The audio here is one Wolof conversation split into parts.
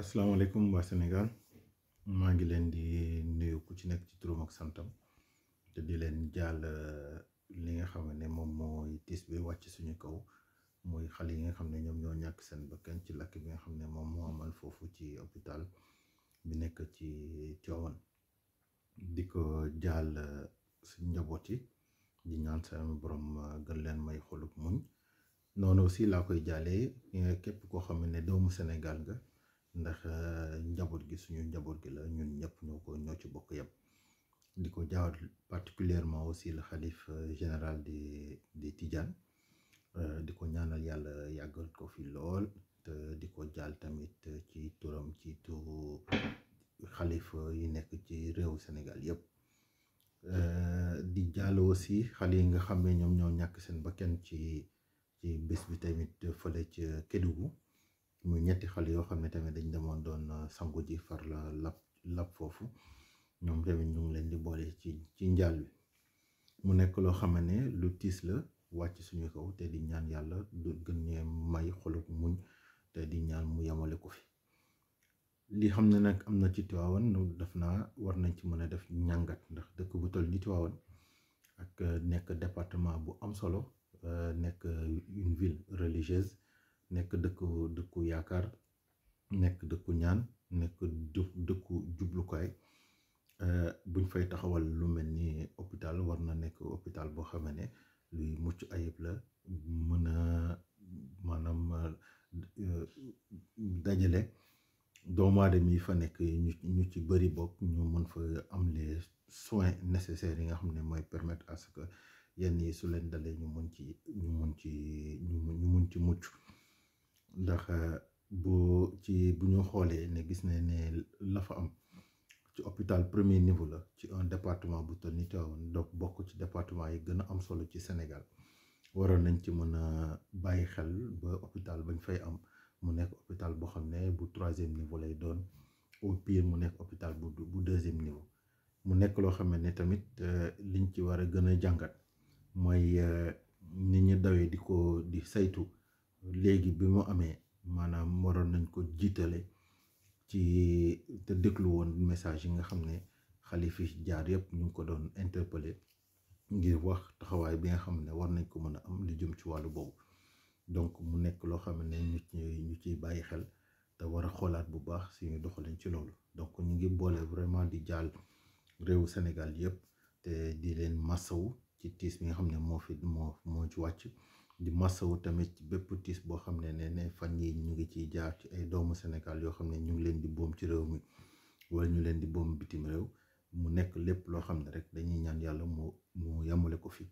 asalaamaaleykum waa Sénégal maa ngi leen di nuyu ku ci nekk ci turumak santam te di leen jàll euh, li nga xam ne moom mooy tiis bi wàcc suñu kaw mooy xale yi nga xam ne ñoom ñoo ñàkk seen bakkan ci làkk bi nga xam ne moom moo amal foofu ci hôpital bi nekk ci Tivaouane di ko jàll euh, suñ njaboot yi di ñaan seen borom euh, gën leen may xolub muñ noonu aussi laa koy jàllee képp koo xam ne doomu Sénégal nga. ndax eh, njaboot gi suñu njaboot gi la ñun ñëpp ñoo ko ñoo ci bokk yëpp di ko jaawat particulièrement aussi le xalif eh, général de de Tidiane eh, di ko ñaanal yàlla yàggal ko fi lool te di ko jaal tamit ci turam ci turu xalif yi nekk ci réewu senegal yëpp di jàll aussi xale yi nga xam ne ñoom ñoo ñàkk seen bakkan ci ci bés bi tamit ci ca gu muy ñetti xale yoo xam ne tamit dañ demoon doon euh, sangu ji far la lab lab foofu ñoom tamit ñu ngi leen di boole ci ci njaal bi mu nekk loo xam ne lu tiis la wàcc suñu kaw te di ñaan yàlla du gën ñee may xoluk muñ te di ñaan mu yemale ko fi li xam ne nag am na ci Tiwaawan def naa war nañ ci mën a def ñàngat ndax dëkk bu toll ni Tiwaawan ak euh, nekk département bu am solo euh, nekk une ville religieuse nekk dëkku dëkku yaakaar nekk dëkku ñaan nekk dëkku jublukaay eh, buñ fay taxawal lu mel ni hôpital war na nekk hôpital boo xam ne luy mucc ayib la mën a maanaam eh, dajale doomu aadama yi fa nekk ñu ci bëri bokk ñu mën fa am les soin nécessaires yi nga xam ne mooy permettre à que yenn yi su leen dalee ñu mën ci ñu mën ci ñu mën ci mucc ndax euh, bu ci bu ñu xoolee ne gis ne ne lafa am ci hôpital premier niveau la ci un département bu toll ni Tivaouane donc bokk ci département yi gën a am solo ci Sénégal waroon nañ ci mën a bàyyi xel ba hôpital bañ fay am mu nekk hôpital boo xam ne bu troisième niveau lay doon au mu nekk hôpital bu bu deuxième niveau mu nekk loo xam ne tamit euh, liñ ci war a gën a jàngat mooy euh, nit ñu dawee di ko di saytu léegi bi mu amee maanaam waroon nañ ko jiitale ci te déglu woon message yi nga xam ne xalifi jaar yëpp ñu ngi ko doon interpeller ngir wax taxawaay bi nga xam ne war nañ ko mën a am lu jëm ci wàllu boobu donc mu nekk loo xam ne nit ñu ciy bàyyi xel te war a xoolaat bu baax suñu doxalin ci loolu donc ñu ngi boole vraiment di jàll réewu Sénégal yëpp te di leen masawu ci tiis bi nga xam ne moo fi moo moo ci wàcc di masawu tamit bépp tiis boo xam ne ne ne fan yi ñu ngi ciy jaar ci ay doomu Sénégal yoo xam ne ñu ngi leen di boom ci réew mi wala ñu leen di boom bitim réew mu nekk lépp loo xam ne rek dañuy ñaan yàlla mu mu yamale ko fi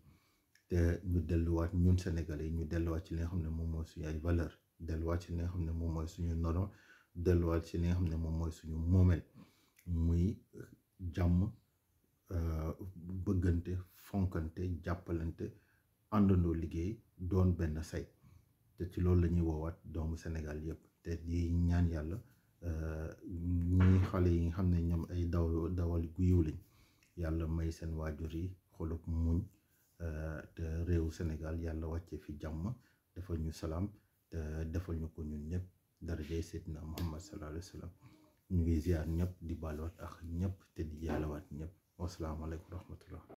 te ñu delluwaat ñun Sénégalais yi ñu delluwaat ci li nga xam ne moom mooy suñu ay valeur delluwaat ci li nga xam ne moom mooy suñu norme delluwaat ci li nga xam ne moom mooy suñu moomeel muy jàmm bëggante fonkante jàppalante àndandoo liggéey doon benn say te ci loolu la ñuy woowaat doomu Sénégal yëpp te di ñaan yàlla euh, ñi xale yi nga xam ne ñoom ay daw dawal gu lañ yàlla may seen waajur yi xolub muñ euh, te réew Sénégal yàlla wàcce fi jàmm defal ñu salaam te defal ñu ko ñun ñëpp darajay Seydina Muhammad sallallahu alayhi wa ñu ngi ziar ñëpp di baaluwaat ak ñëpp te di jaalawaat ñëpp wasalaamaaleykum wa rahmatullah